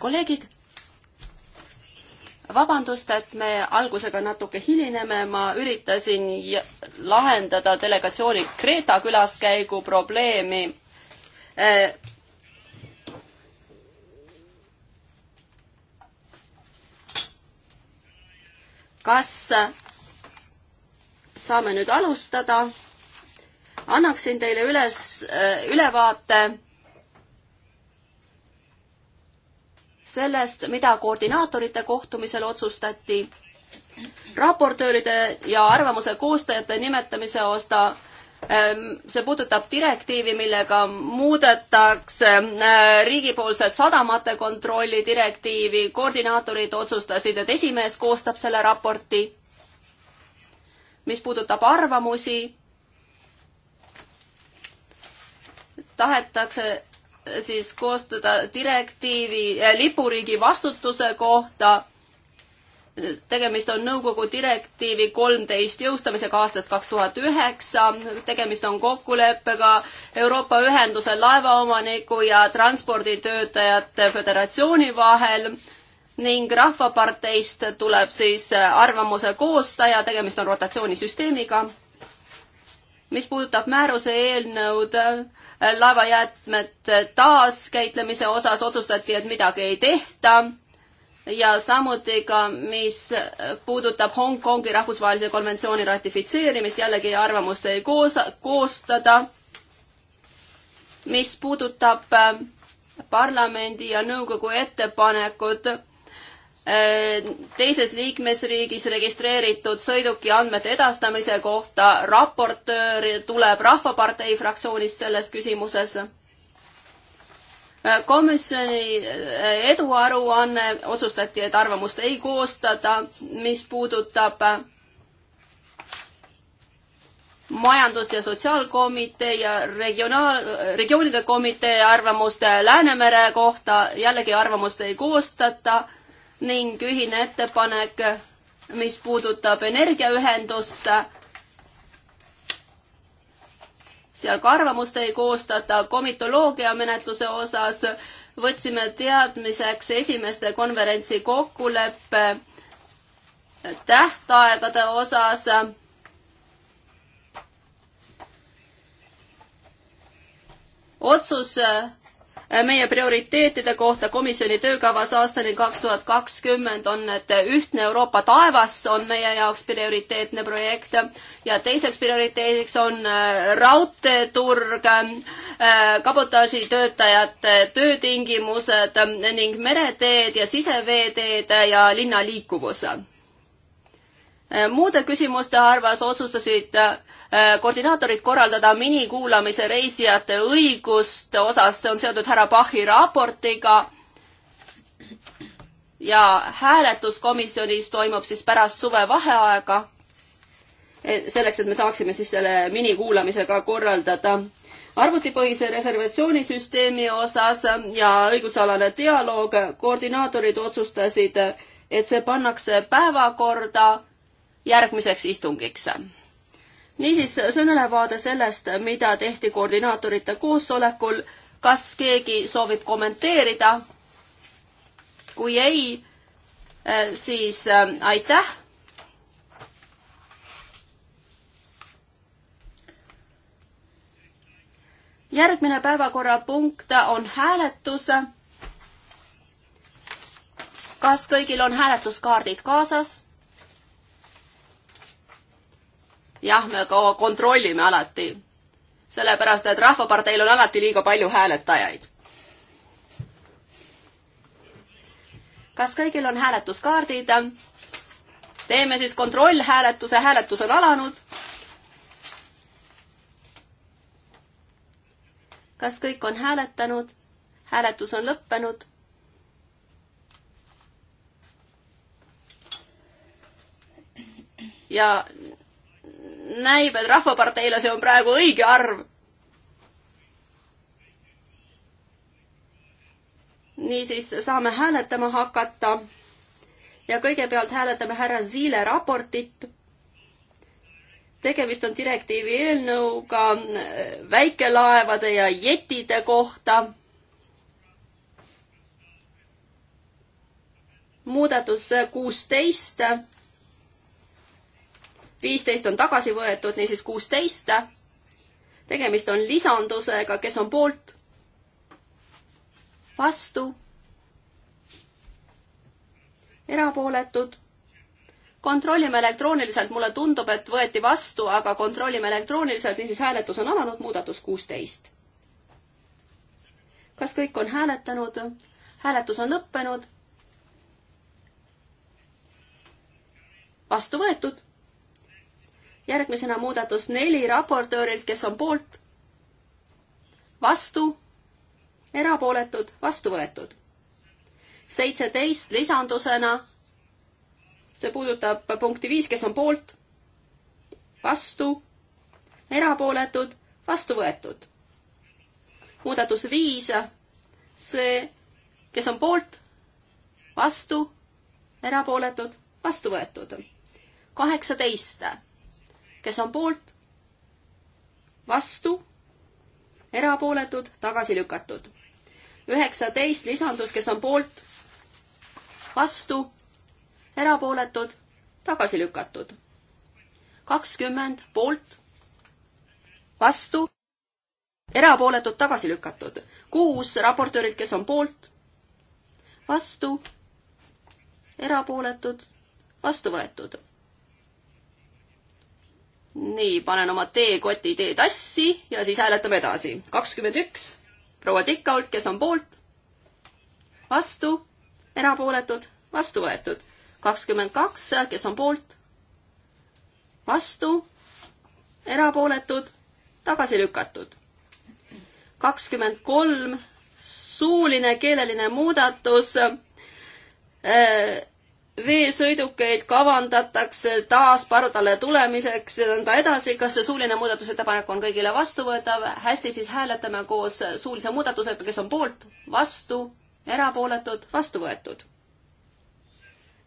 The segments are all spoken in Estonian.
kolleegid, vabandust, et me algusega natuke hilineme, ma üritasin lahendada delegatsiooni Kreeta külaskäigu probleemi eh, kas saame nüüd alustada? annaksin teile üles, eh, ülevaate sellest, mida koordinaatorite kohtumisel otsustati. raportööride ja arvamuse koostajate nimetamise osta ähm, see puudutab direktiivi, millega muudetakse äh, riigipoolset sadamate kontrolli direktiivi, koordinaatorid otsustasid, et esimees koostab selle raporti. mis puudutab arvamusi, tahetakse siis koostada direktiivi äh, lipuriigi vastutuse kohta. tegemist on nõukogu direktiivi kolmteist jõustamisega aastast kaks tuhat üheksa. tegemist on kokkuleppega Euroopa Ühenduse laevaomaniku ja transporditöötajate föderatsiooni vahel ning Rahvaparteist tuleb siis arvamuse koostaja, tegemist on rotatsioonisüsteemiga mis puudutab määruse eelnõud äh, laevajäätmete taaskäitlemise osas, otsustati, et midagi ei tehta. ja samuti ka, mis puudutab Hongkongi rahvusvahelise konventsiooni ratifitseerimist, jällegi arvamust ei koos, koostada. mis puudutab äh, parlamendi ja nõukogu ettepanekud Äh, teises liikmesriigis registreeritud sõiduki andmete edastamise kohta. raportöör tuleb Rahvapartei fraktsioonist selles küsimuses. Äh, komisjoni äh, eduaruanne otsustati, et arvamust ei koostada, mis puudutab majandus- ja sotsiaalkomitee ja regionaal, regioonide komitee arvamust Läänemere kohta, jällegi arvamust ei koostata ning ühine ettepanek, mis puudutab energiaühendust. seal ka arvamust ei koostata komitoloogia menetluse osas. võtsime teadmiseks esimeste konverentsi kokkuleppe tähtaegade osas otsus Äh, meie prioriteetide kohta komisjoni töökavas aastani kaks tuhat kakskümmend on, et ühtne Euroopa taevas on meie jaoks prioriteetne projekt ja teiseks prioriteediks on äh, raudteeturg, äh, kabotaažitöötajate töötingimused ning mereteed ja siseveeteed ja linna liikuvus muude küsimuste arvas otsustasid äh, Äh, koordinaatorid korraldada minikuulamise reisijate õiguste osas, see on seotud härra Bachi raportiga. ja hääletus komisjonis toimub siis pärast suvevaheaega. E, selleks, et me saaksime siis selle minikuulamisega korraldada arvutipõhise reservatsioonisüsteemi osas ja õigusalane dialoog, koordinaatorid otsustasid, et see pannakse päevakorda järgmiseks istungiks niisiis, see on ülevaade sellest, mida tehti koordinaatorite koosolekul. kas keegi soovib kommenteerida? kui ei, eh, siis eh, aitäh. järgmine päevakorrapunkt on hääletus. kas kõigil on hääletuskaardid kaasas? jah, me ka kontrollime alati. sellepärast, et Rahvaparteil on alati liiga palju hääletajaid. kas kõigil on hääletuskaardid? teeme siis kontrollhääletuse, hääletus on alanud. kas kõik on hääletanud? hääletus on lõppenud ja näib, et Rahvaparteile see on praegu õige arv. niisiis saame hääletama hakata. ja kõigepealt hääletame härra Ziile raportit. tegemist on direktiivi eelnõuga äh, väikelaevade ja jetide kohta muudatus kuusteist viisteist on tagasi võetud, niisiis kuusteist. tegemist on lisandusega, kes on poolt, vastu, erapooletud. kontrollime elektrooniliselt, mulle tundub, et võeti vastu, aga kontrollime elektrooniliselt, niisiis hääletus on alanud, muudatus kuusteist. kas kõik on hääletanud? hääletus on lõppenud. vastu võetud järgmisena muudatus neli raportöörilt, kes on poolt, vastu, erapooletud, vastu võetud. seitseteist lisandusena, see puudutab punkti viis, kes on poolt, vastu, erapooletud, vastu võetud. muudatus viis, see, kes on poolt, vastu, erapooletud, vastu võetud. kaheksateist kes on poolt, vastu, erapooletud, tagasi lükatud. üheksateist lisandus, kes on poolt, vastu, erapooletud, tagasi lükatud. kakskümmend poolt, vastu, erapooletud, tagasi lükatud. kuus raportöörilt, kes on poolt, vastu, erapooletud, vastu võetud nii, panen oma teekoti teetassi ja siis hääletame edasi. kakskümmend üks, proua Tikkault, kes on poolt? vastu, erapooletud, vastu võetud. kakskümmend kaks, kes on poolt? vastu, erapooletud, tagasi lükatud. kakskümmend kolm, suuline keeleline muudatus äh, veesõidukeid kavandatakse taas pardale tulemiseks ja nõnda edasi. kas see suuline muudatusettepanek on kõigile vastuvõetav? hästi, siis hääletame koos suulise muudatusega, kes on poolt, vastu, erapooletud, vastu võetud.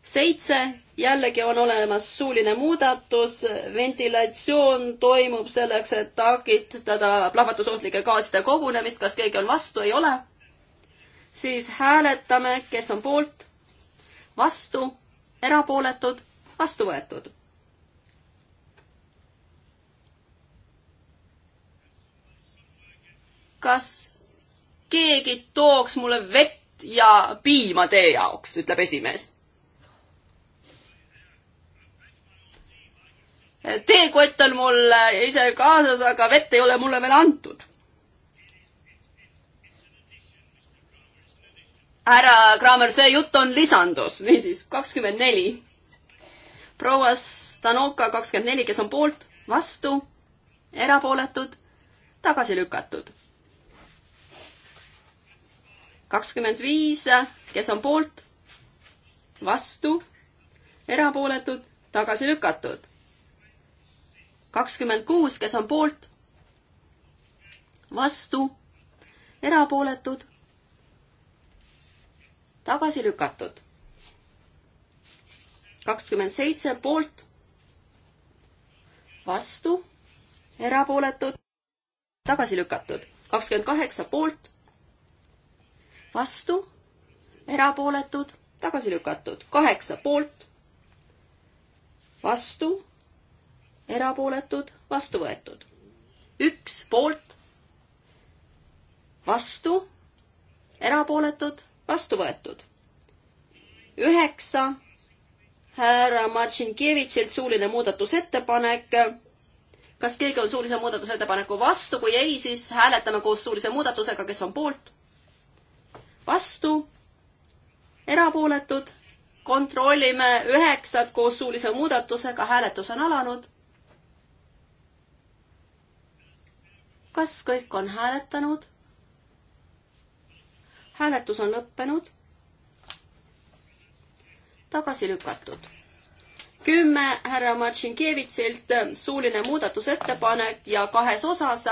seitse, jällegi on olemas suuline muudatus, ventilatsioon toimub selleks, et takitada plahvatusohtlike gaaside kogunemist. kas keegi on vastu, ei ole? siis hääletame, kes on poolt vastu, erapooletud, vastu võetud. kas keegi tooks mulle vett ja piima tee jaoks, ütleb esimees teekott on mul ise kaasas, aga vett ei ole mulle veel antud. härra Kraamer, see jutt on lisandus, niisiis kakskümmend neli. proua Stanoka kakskümmend neli, kes on poolt, vastu, erapooletud, tagasi lükatud. kakskümmend viis, kes on poolt, vastu, erapooletud, tagasi lükatud. kakskümmend kuus, kes on poolt, vastu, erapooletud tagasi lükatud. kakskümmend seitse poolt, vastu, erapooletud, tagasi lükatud. kakskümmend kaheksa poolt, vastu, erapooletud, tagasi lükatud. kaheksa poolt, vastu, erapooletud, vastu võetud. üks poolt, vastu, erapooletud, vastu võetud. üheksa, härra Martšinkevitsilt suuline muudatusettepanek. kas keegi on suulise muudatusettepaneku vastu, kui ei, siis hääletame koos suulise muudatusega, kes on poolt, vastu, erapooletud, kontrollime üheksat koos suulise muudatusega, hääletus on alanud kas kõik on hääletanud? hääletus on lõppenud. tagasi lükatud. kümme härra Martšinkevitsilt äh, suuline muudatusettepanek ja kahes osas.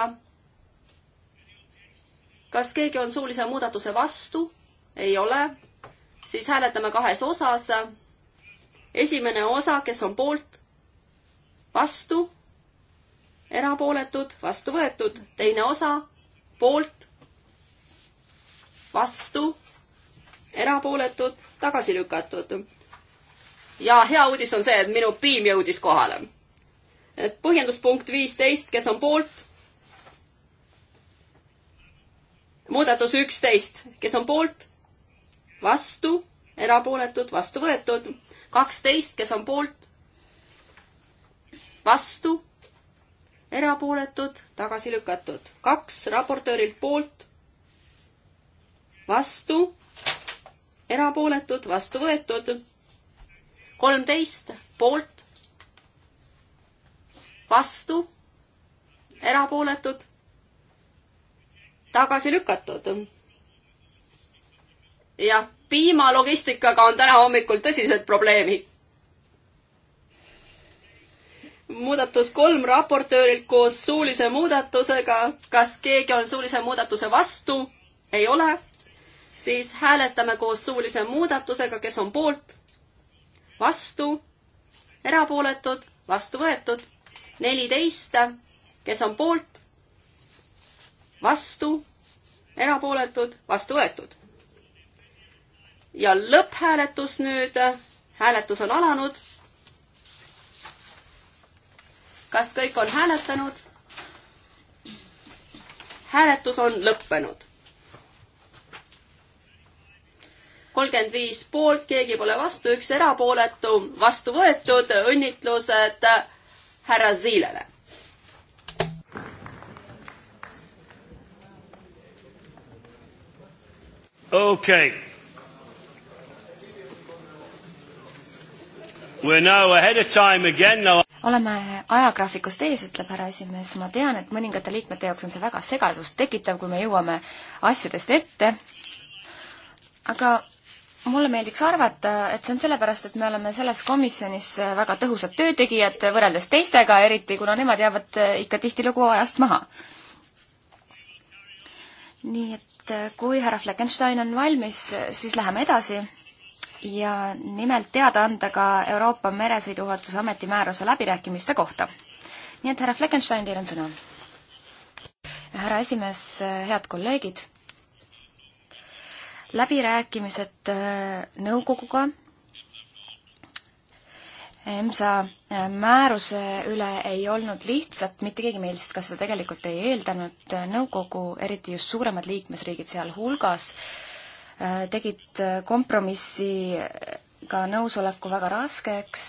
kas keegi on suulise muudatuse vastu? ei ole. siis hääletame kahes osas. esimene osa, kes on poolt, vastu, erapooletud, vastu võetud, teine osa, poolt vastu, erapooletud, tagasi lükatud. ja hea uudis on see, et minu piim jõudis kohale. põhjenduspunkt viisteist, kes on poolt? muudatus üksteist, kes on poolt? vastu, erapooletud, vastu võetud. kaksteist, kes on poolt? vastu, erapooletud, tagasi lükatud. kaks raportöörilt poolt vastu, erapooletud, vastu võetud, kolmteist poolt, vastu, erapooletud, tagasi lükatud. jah, piimalogistikaga on täna hommikul tõsised probleemid. muudatus kolm raportöörilt koos suulise muudatusega. kas keegi on suulise muudatuse vastu? ei ole siis hääletame koos suulise muudatusega, kes on poolt, vastu, erapooletud, vastu võetud, neliteist, kes on poolt, vastu, erapooletud, vastu võetud. ja lõpphääletus nüüd, hääletus on alanud. kas kõik on hääletanud? hääletus on lõppenud kolmkümmend viis poolt, keegi pole vastu, üks erapooletu, vastu võetud, õnnitlused härra Ziilele. okei okay.. We are now ahead of time again now oleme ajagraafikust ees, ütleb härra esimees, ma tean, et mõningate liikmete jaoks on see väga segadust tekitav, kui me jõuame asjadest ette, aga mulle meeldiks arvata, et see on sellepärast, et me oleme selles komisjonis väga tõhusad töötegijad võrreldes teistega, eriti kuna nemad jäävad äh, ikka tihtilugu ajast maha. nii et äh, kui härra Fleckenstein on valmis, siis läheme edasi ja nimelt teada anda ka Euroopa Meresõiduohutuse Ameti määruse läbirääkimiste kohta. nii et härra Fleckenstein, teil on sõna. härra esimees, äh, head kolleegid läbirääkimised äh, nõukoguga EMSA äh, määruse üle ei olnud lihtsalt, mitte keegi meil ka seda tegelikult ei eeldanud, nõukogu, eriti just suuremad liikmesriigid sealhulgas, äh, tegid kompromissi ka nõusoleku väga raskeks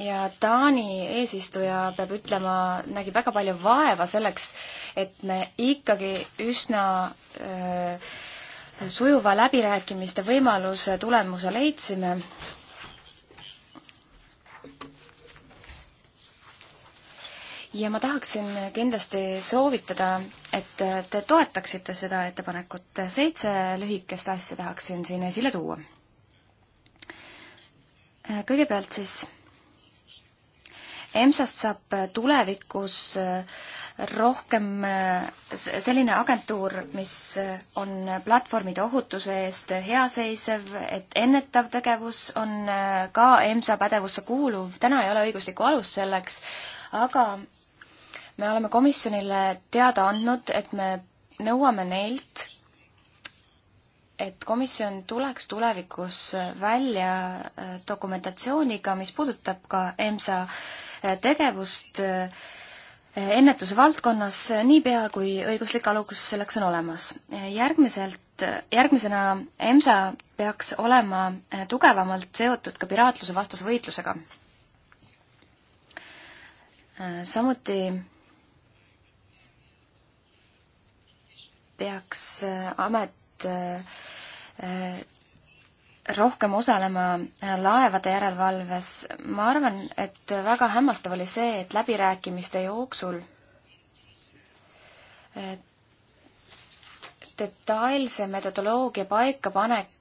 ja Taani eesistuja, peab ütlema, nägi väga palju vaeva selleks, et me ikkagi üsna öö, sujuva läbirääkimiste võimaluse tulemuse leidsime. ja ma tahaksin kindlasti soovitada, et te toetaksite seda ettepanekut. seitse lühikest asja tahaksin siin esile tuua. kõigepealt siis EMSA-st saab tulevikus äh, rohkem äh, selline agentuur, mis äh, on platvormide ohutuse eest hea seisev, et ennetav tegevus on ka EMSA pädevusse kuuluv, täna ei ole õiguslikku alust selleks, aga me oleme komisjonile teada andnud, et me nõuame neilt et komisjon tuleks tulevikus välja äh, dokumentatsiooniga, mis puudutab ka EMSA äh, tegevust äh, ennetuse valdkonnas, niipea kui õiguslik alus selleks on olemas. järgmiselt, järgmisena EMSA peaks olema tugevamalt seotud ka piraatluse vastase võitlusega. samuti peaks amet Äh, rohkem osalema äh, laevade järelevalves. ma arvan, et väga hämmastav oli see, et läbirääkimiste jooksul äh, detailse metodoloogia paikapanek,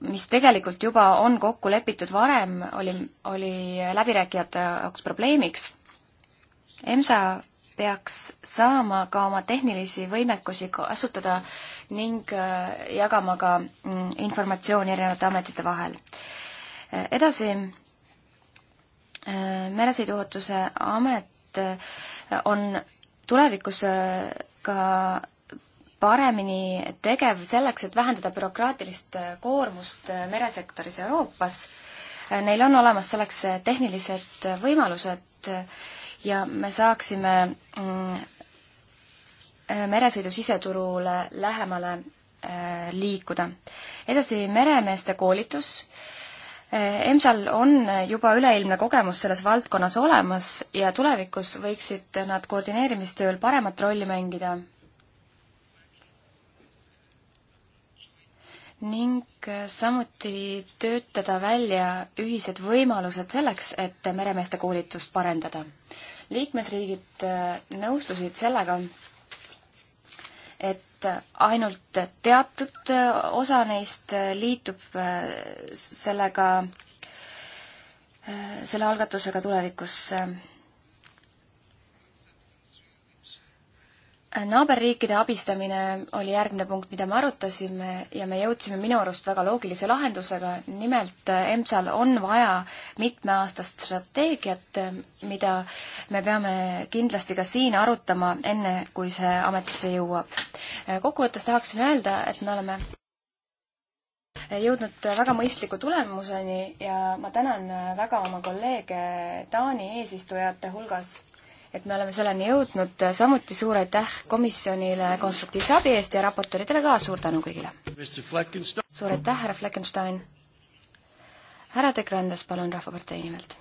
mis tegelikult juba on kokku lepitud varem, oli, oli läbirääkijate jaoks probleemiks. EMSA peaks saama ka oma tehnilisi võimekusi kasutada ning äh, jagama ka mm, informatsiooni erinevate ametite vahel. Äh, edasi, äh, meresõiduohutuse amet on tulevikus ka paremini tegev selleks, et vähendada bürokraatilist koormust meresektoris Euroopas. Neil on olemas selleks tehnilised võimalused ja me saaksime mm, meresõidu siseturule lähemale äh, liikuda. edasi meremeeste koolitus. Äh, EMSA-l on juba üleilmne kogemus selles valdkonnas olemas ja tulevikus võiksid nad koordineerimistööl paremat rolli mängida. ning äh, samuti töötada välja ühised võimalused selleks, et meremeeste koolitust parendada liikmesriigid äh, nõustusid sellega, et ainult teatud äh, osa neist äh, liitub sellega, selle algatusega tulevikus naaberriikide abistamine oli järgmine punkt, mida me arutasime ja me jõudsime minu arust väga loogilise lahendusega, nimelt EMSA-l on vaja mitmeaastast strateegiat, mida me peame kindlasti ka siin arutama, enne kui see ametisse jõuab. kokkuvõttes tahaksin öelda, et me oleme jõudnud väga mõistliku tulemuseni ja ma tänan väga oma kolleege Taani eesistujate hulgas et me oleme selleni jõudnud, samuti suur aitäh komisjonile konstruktiivse abi eest ja raportööridele ka, suur tänu kõigile! suur aitäh, härra Fleckenstein! härra De Grandes, palun, Rahvapartei nimelt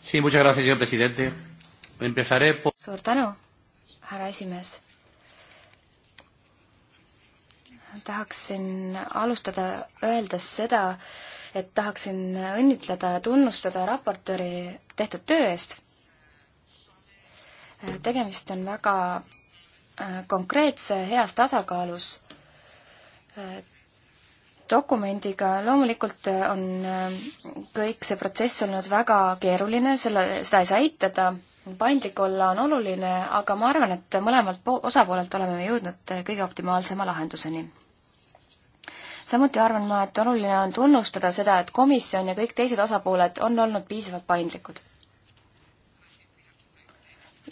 sí,! Por... suur tänu, härra esimees! tahaksin alustada öeldes seda, et tahaksin õnnitleda ja tunnustada raportööri tehtud töö eest tegemist on väga äh, konkreetse, heas tasakaalus äh, dokumendiga, loomulikult äh, on kõik see protsess olnud väga keeruline, selle, seda ei saa eitada, paindlik olla on oluline, aga ma arvan, et mõlemalt osapoolelt oleme me jõudnud kõige optimaalsema lahenduseni. samuti arvan ma, et oluline on tunnustada seda, et komisjon ja kõik teised osapooled on olnud piisavalt paindlikud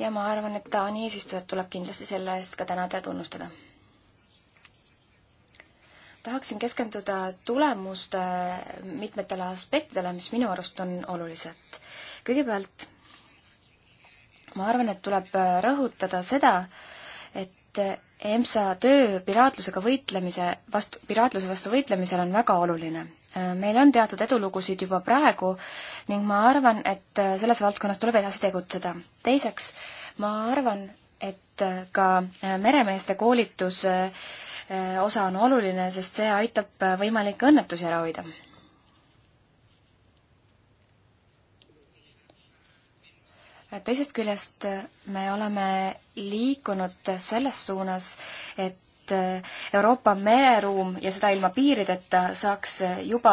ja ma arvan, et Taani eesistujat tuleb kindlasti selle eest ka tänada ja tunnustada. tahaksin keskenduda tulemuste mitmetele aspektidele, mis minu arust on olulised. kõigepealt ma arvan, et tuleb rõhutada seda, et EMSA töö piraatlusega võitlemise vastu, piraatluse vastu võitlemisel on väga oluline Äh, meil on teatud edulugusid juba praegu ning ma arvan, et äh, selles valdkonnas tuleb edasi tegutseda. teiseks, ma arvan, et äh, ka meremeeste koolitus osa on oluline, sest see aitab võimalikke õnnetusi ära hoida. teisest küljest me oleme liikunud selles suunas, et et eh, Euroopa mereruum ja seda ilma piirideta saaks eh, juba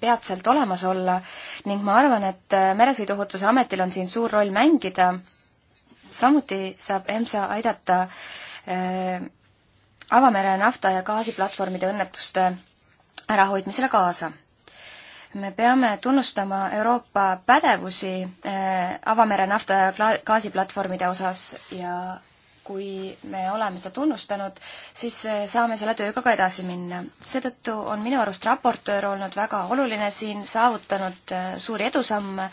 peatselt olemas olla ning ma arvan, et eh, Meresõiduohutuse Ametil on siin suur roll mängida. samuti saab EMSA aidata äh, avamere nafta- ja gaasiplatvormide õnnetuste ärahoidmisele kaasa me peame tunnustama Euroopa pädevusi äh, avamere nafta- ja gaasiplatvormide osas ja kui me oleme seda tunnustanud, siis eh, saame selle tööga ka edasi minna. seetõttu on minu arust raportöör olnud väga oluline siin, saavutanud eh, suuri edusamme,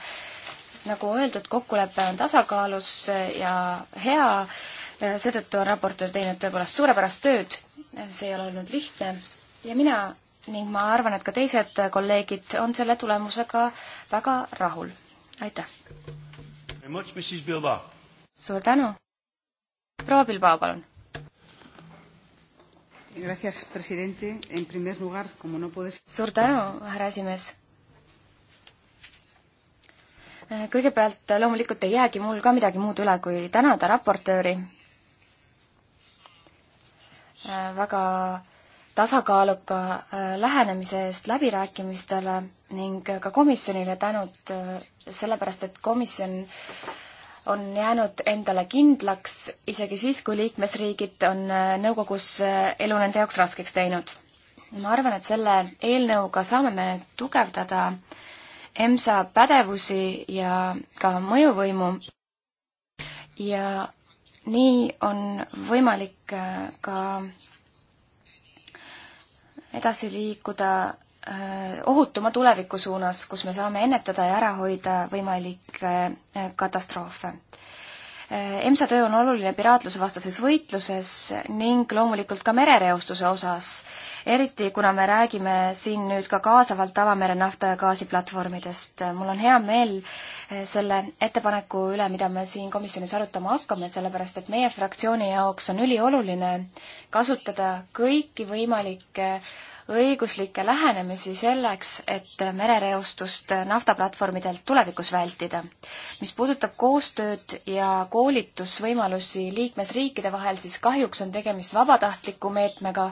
nagu öeldud, kokkulepe on tasakaalus eh, ja hea, seetõttu on raportöör teinud tõepoolest suurepärast tööd, see ei ole olnud lihtne ja mina ning ma arvan, et ka teised kolleegid on selle tulemusega väga rahul. aitäh! suur tänu! proua Bilbao, palun. suur tänu, härra esimees kõigepealt loomulikult ei jäägi mul ka midagi muud üle, kui tänada raportööri väga tasakaaluka äh, lähenemise eest läbirääkimistele ning ka komisjonile tänud äh, sellepärast, et komisjon on jäänud endale kindlaks isegi siis, kui liikmesriigid on äh, nõukogus äh, elu nende jaoks raskeks teinud. ma arvan, et selle eelnõuga saame me tugevdada EMSA pädevusi ja ka mõjuvõimu ja nii on võimalik äh, ka edasi liikuda Äh, ohutuma tuleviku suunas, kus me saame ennetada ja ära hoida võimalikke äh, katastroofe. Äh, EMSA töö on oluline piraatlusevastases võitluses ning loomulikult ka merereostuse osas, eriti kuna me räägime siin nüüd ka kaasavalt avamere nafta ja gaasi platvormidest. mul on hea meel selle ettepaneku üle, mida me siin komisjonis arutama hakkame, sellepärast et meie fraktsiooni jaoks on ülioluline kasutada kõiki võimalikke õiguslikke lähenemisi selleks, et merereostust naftaplatvormidelt tulevikus vältida. mis puudutab koostööd ja koolitusvõimalusi liikmesriikide vahel, siis kahjuks on tegemist vabatahtliku meetmega,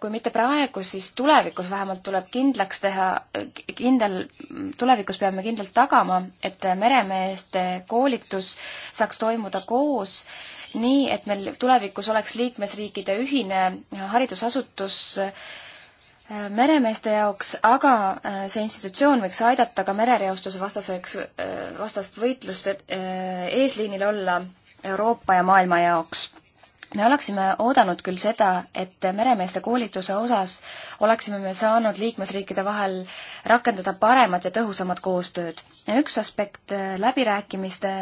kui mitte praegu, siis tulevikus vähemalt tuleb kindlaks teha, kindel, tulevikus peame kindlalt tagama, et meremeeste koolitus saaks toimuda koos nii et meil tulevikus oleks liikmesriikide ühine haridusasutus äh, meremeeste jaoks, aga äh, see institutsioon võiks aidata ka merereostuse vastaseks, äh, vastast võitlust eesliinil olla Euroopa ja maailma jaoks me oleksime oodanud küll seda, et meremeeste koolituse osas oleksime me saanud liikmesriikide vahel rakendada paremat ja tõhusamat koostööd. ja üks aspekt äh, läbirääkimiste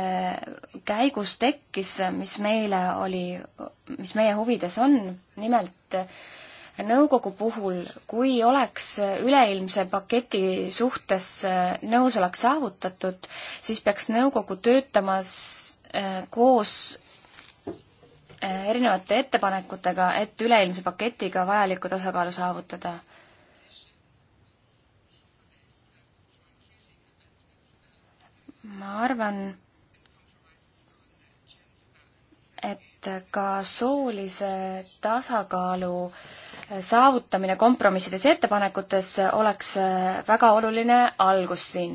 käigus tekkis, äh, mis meile oli, mis meie huvides on, nimelt äh, nõukogu puhul, kui oleks üleilmse paketi suhtes nõusolek saavutatud, siis peaks nõukogu töötamas koos Eh, erinevate ettepanekutega, et üleilmse paketiga vajalikku tasakaalu saavutada. ma arvan, et ka soolise tasakaalu eh, saavutamine kompromissides ja ettepanekutes oleks eh, väga oluline algus siin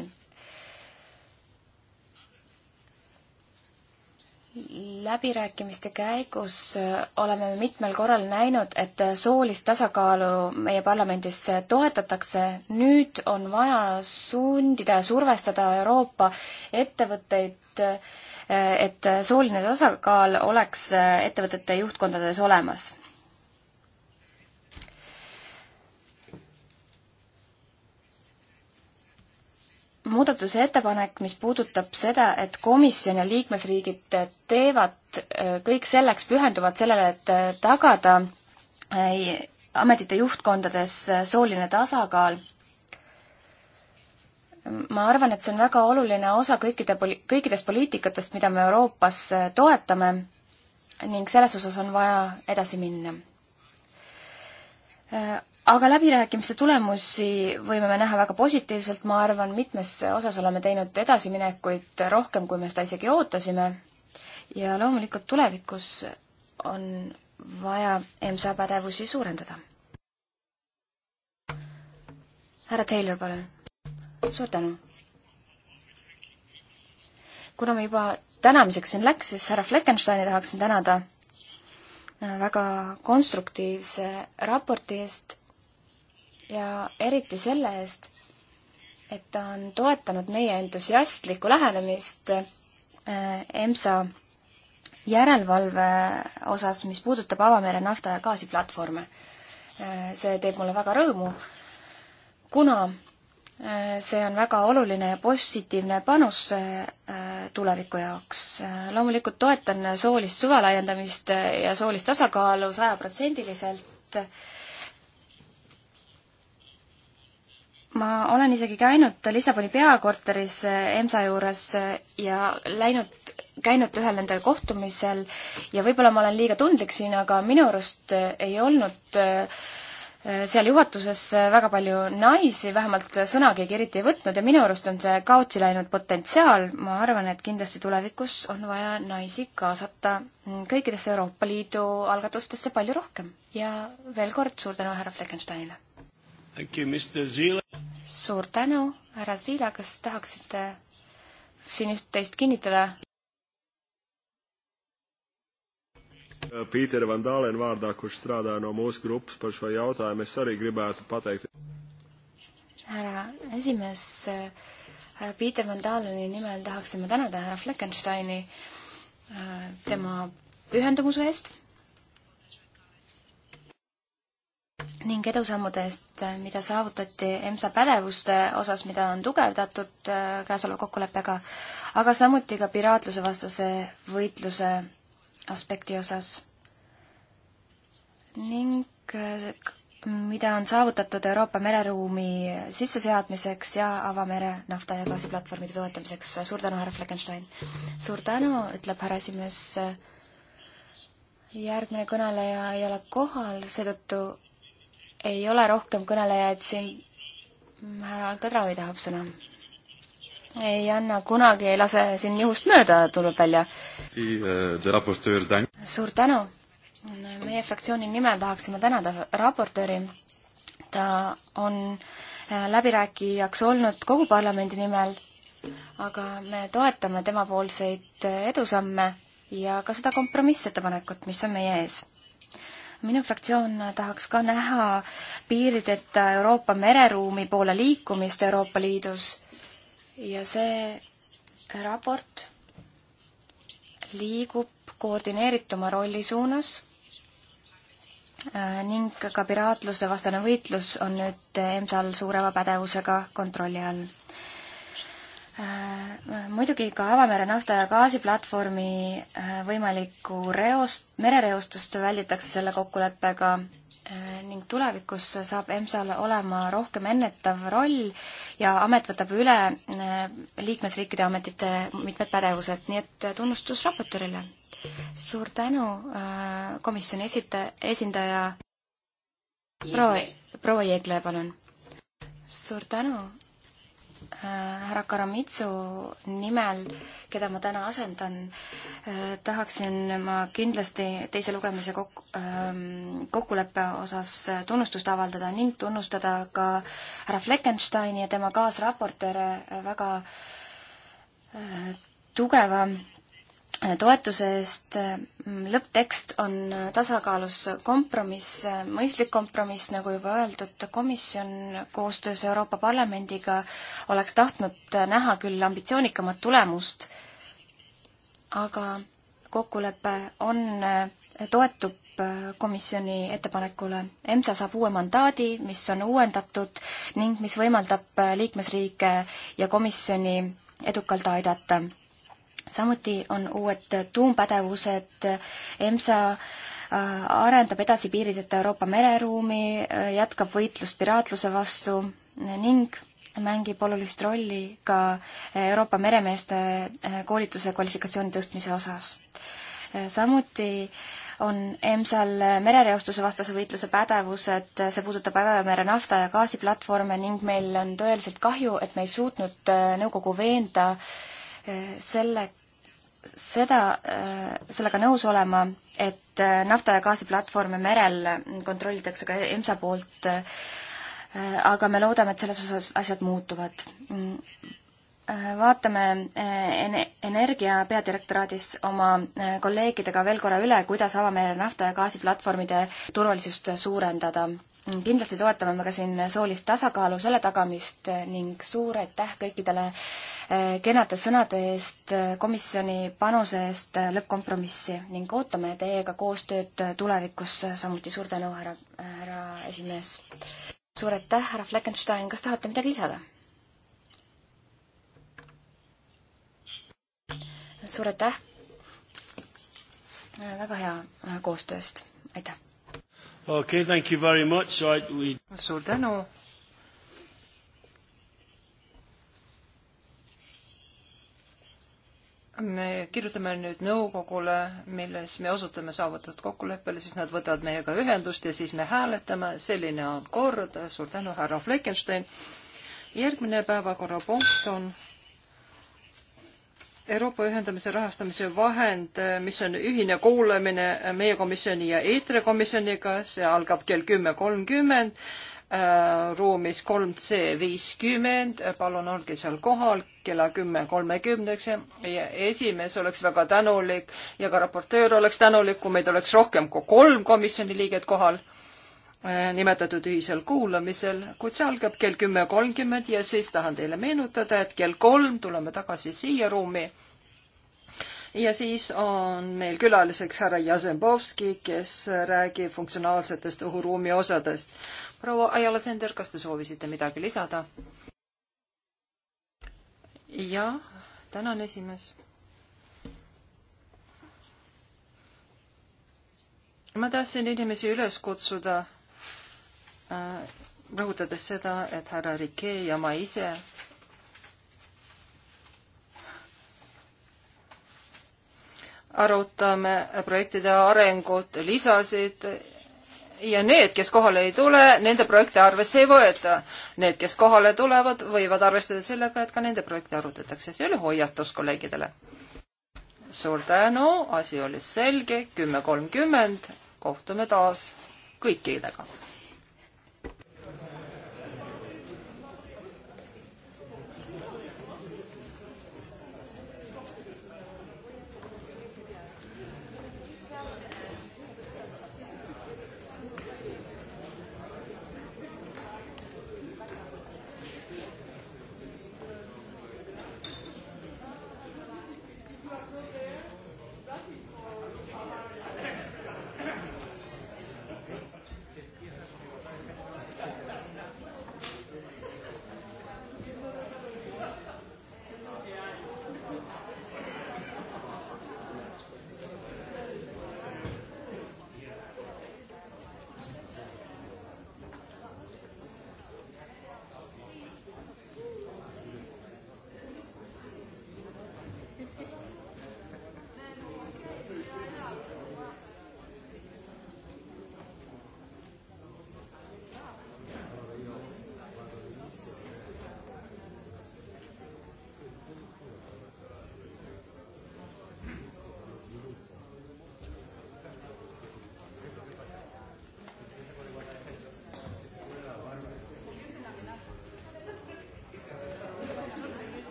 läbirääkimiste käigus äh, oleme mitmel korral näinud, et äh, soolist tasakaalu meie parlamendis äh, toetatakse. nüüd on vaja sundida ja survestada Euroopa ettevõtteid, et sooline tasakaal oleks ettevõtete juhtkondades olemas muudatusettepanek, mis puudutab seda, et komisjon ja liikmesriigid teevad äh, kõik selleks, pühenduvad sellele, et äh, tagada äh, ametite juhtkondades sooline tasakaal. ma arvan, et see on väga oluline osa kõikide poli-, kõikidest poliitikatest, mida me Euroopas toetame ning selles osas on vaja edasi minna aga läbirääkimiste tulemusi võime me näha väga positiivselt, ma arvan, mitmes osas oleme teinud edasiminekuid rohkem, kui me seda isegi ootasime. ja loomulikult tulevikus on vaja EMSA pädevusi suurendada. härra Taylor, palun. suur tänu. kuna me juba tänamiseks siin läks, siis härra Fleckensteini tahaksin tänada väga konstruktiivse raporti eest ja eriti selle eest, et ta on toetanud meie entusiastlikku lähenemist äh, EMSA järelevalve osas, mis puudutab avamere nafta- ja gaasiplatvorme. Äh, see teeb mulle väga rõõmu, kuna äh, see on väga oluline ja positiivne panus tuleviku jaoks. loomulikult toetan soolist suve laiendamist ja soolist tasakaalu sajaprotsendiliselt, -liselt ma olen isegi käinud Lissaboni peakorteris eh, EMSA juures eh, ja läinud, käinud ühel nendel kohtumisel ja võib-olla ma olen liiga tundlik siin, aga minu arust eh, ei olnud seal juhatuses väga palju naisi, vähemalt sõna keegi eriti ei võtnud ja minu arust on see kaotsi läinud potentsiaal, ma arvan, et kindlasti tulevikus on vaja naisi kaasata kõikidesse Euroopa Liidu algatustesse palju rohkem. ja veel kord suur tänu härra Fleckensteinile! suur tänu, härra Ziila, kas tahaksite siin üht-teist kinnitada? Pītera Van Dālēna vārdā, kurš strādā no mūsu grupas par šo jautājumu, es arī gribētu pateikt. härra esimees, härra Pīter Van Dālēni nimel tahaksime tänada härra Fleckensteini äh, tema pühendumuse eest ning edusammude eest, mida saavutati EMSA pädevuste osas, mida on tugevdatud äh, käesoleva kokkuleppega, aga samuti ka piraatlusevastase võitluse aspekti osas. ning äh, mida on saavutatud Euroopa mereruumi sisseseadmiseks ja avamere nafta ja gaasiplatvormide toetamiseks. suur tänu, härra Fleckenstein! suur tänu, ütleb härra esimees. järgmine kõneleja ei ole kohal, seetõttu ei ole rohkem kõnelejaid siin. härra Alcadravi tahab sõna. ei anna kunagi, ei lase siin juhust mööda, tuleb välja. Eh, suur tänu. meie fraktsiooni nimel tahaksime tänada raportööri. ta on eh, läbirääkijaks olnud kogu parlamendi nimel, aga me toetame temapoolseid eh, edusamme ja ka seda kompromissettepanekut, mis on meie ees minu fraktsioon tahaks ka näha piirideta Euroopa mereruumi poole liikumist Euroopa Liidus ja see raport liigub koordineerituma rolli suunas äh, ning ka piraatluse vastane võitlus on nüüd EMSA-l suurema pädevusega kontrolli all Äh, muidugi ka avamere nafta ja gaasiplatvormi äh, võimalikku reost, merereostust välditakse selle kokkuleppega äh, ning tulevikus saab EMSA-l olema rohkem ennetav roll ja amet võtab üle liikmesriikide ametite mitmed pädevused, nii et tunnustus raportöörile. suur tänu komisjoni esita-, esindaja proua, proua Jeegle, palun. suur tänu Äh, härra Karamitsu nimel, keda ma täna asendan, äh, tahaksin ma kindlasti teise lugemise kok-, ähm, kokkuleppe osas äh, tunnustust avaldada ning tunnustada ka härra Fleckensteini ja tema kaasraportööre väga tugeva toetuse eest. lõpptekst on tasakaalus kompromiss, mõistlik kompromiss, nagu juba öeldud, komisjon koostöös Euroopa Parlamendiga oleks tahtnud näha küll ambitsioonikamat tulemust, aga kokkulepe on, toetub komisjoni ettepanekule. EMSA saab uue mandaadi, mis on uuendatud ning mis võimaldab liikmesriike ja komisjoni edukalt aidata samuti on uued tuumpädevused, EMSA äh, arendab edasi piirideta Euroopa mereruumi, äh, jätkab võitlust piraatluse vastu ning mängib olulist rolli ka Euroopa meremeeste äh, koolituse kvalifikatsiooni tõstmise osas. samuti on EMSA-l merereostuse vastase võitluse pädevused, see puudutab Ävemere nafta- ja gaasiplatvorme ning meil on tõeliselt kahju, et me ei suutnud nõukogu veenda selle, seda, äh, sellega nõus olema, et äh, nafta- ja gaasiplatvorme merel kontrollitakse ka EMSA poolt, äh, aga me loodame, et selles osas asjad muutuvad. Mm. Vaatame Energia peadirektoraadis oma kolleegidega veel korra üle, kuidas avameere nafta- ja gaasiplatvormide turvalisust suurendada Mm, kindlasti toetame me ka siin soolist tasakaalu, selle tagamist eh, ning suur aitäh kõikidele eh, kenade sõnade eest, eh, komisjoni panuse eest lõppkompromissi ning ootame teiega koostööd tulevikus, samuti suur tänu, härra, härra esimees. suur aitäh, härra Fleckenstein, kas tahate midagi lisada? suur aitäh väga hea koostöö eest, aitäh! okay, thank you very much. I, we... suur tänu. me kirjutame nüüd nõukogule, milles me osutame saavutatud kokkuleppele, siis nad võtavad meiega ühendust ja siis me hääletame, selline on kord, suur tänu, härra Fleckenstein. järgmine päevakorrapunkt on Euroopa ühendamise rahastamise vahend, mis on ühine kuulamine meie komisjoni ja EITRE komisjoniga, see algab kell kümme kolmkümmend, äh, ruumis kolm C viiskümmend, palun olge seal kohal kella kümme kolmekümneks ja esimees oleks väga tänulik ja ka raportöör oleks tänulik, kui meid oleks rohkem kui kolm komisjoni liiget kohal Äh, nimetatud ühisel kuulamisel, kuid see algab kell kümme kolmkümmend ja siis tahan teile meenutada, et kell kolm tuleme tagasi siia ruumi. ja siis on meil külaliseks härra Jazembovski, kes räägib funktsionaalsetest õhuruumi osadest. proua Ajala-Sender, kas te soovisite midagi lisada? jah, tänan, esimees ma tahtsin inimesi üles kutsuda Äh, rõhutades seda, et härra Rike ja ma ise arutame projektide arengut, lisasid ja need, kes kohale ei tule, nende projekte arvesse ei võeta. Need, kes kohale tulevad, võivad arvestada sellega, et ka nende projekte arutatakse. see oli hoiatus kolleegidele. suur tänu, asi oli selge, kümme kolmkümmend, kohtume taas kõikidega.